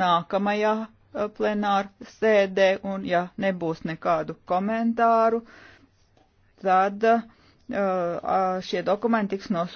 nākamajā plenāra sēdē, un ja nebūs nekādu komentāru, tad šie dokumenti tiks nosūtīti.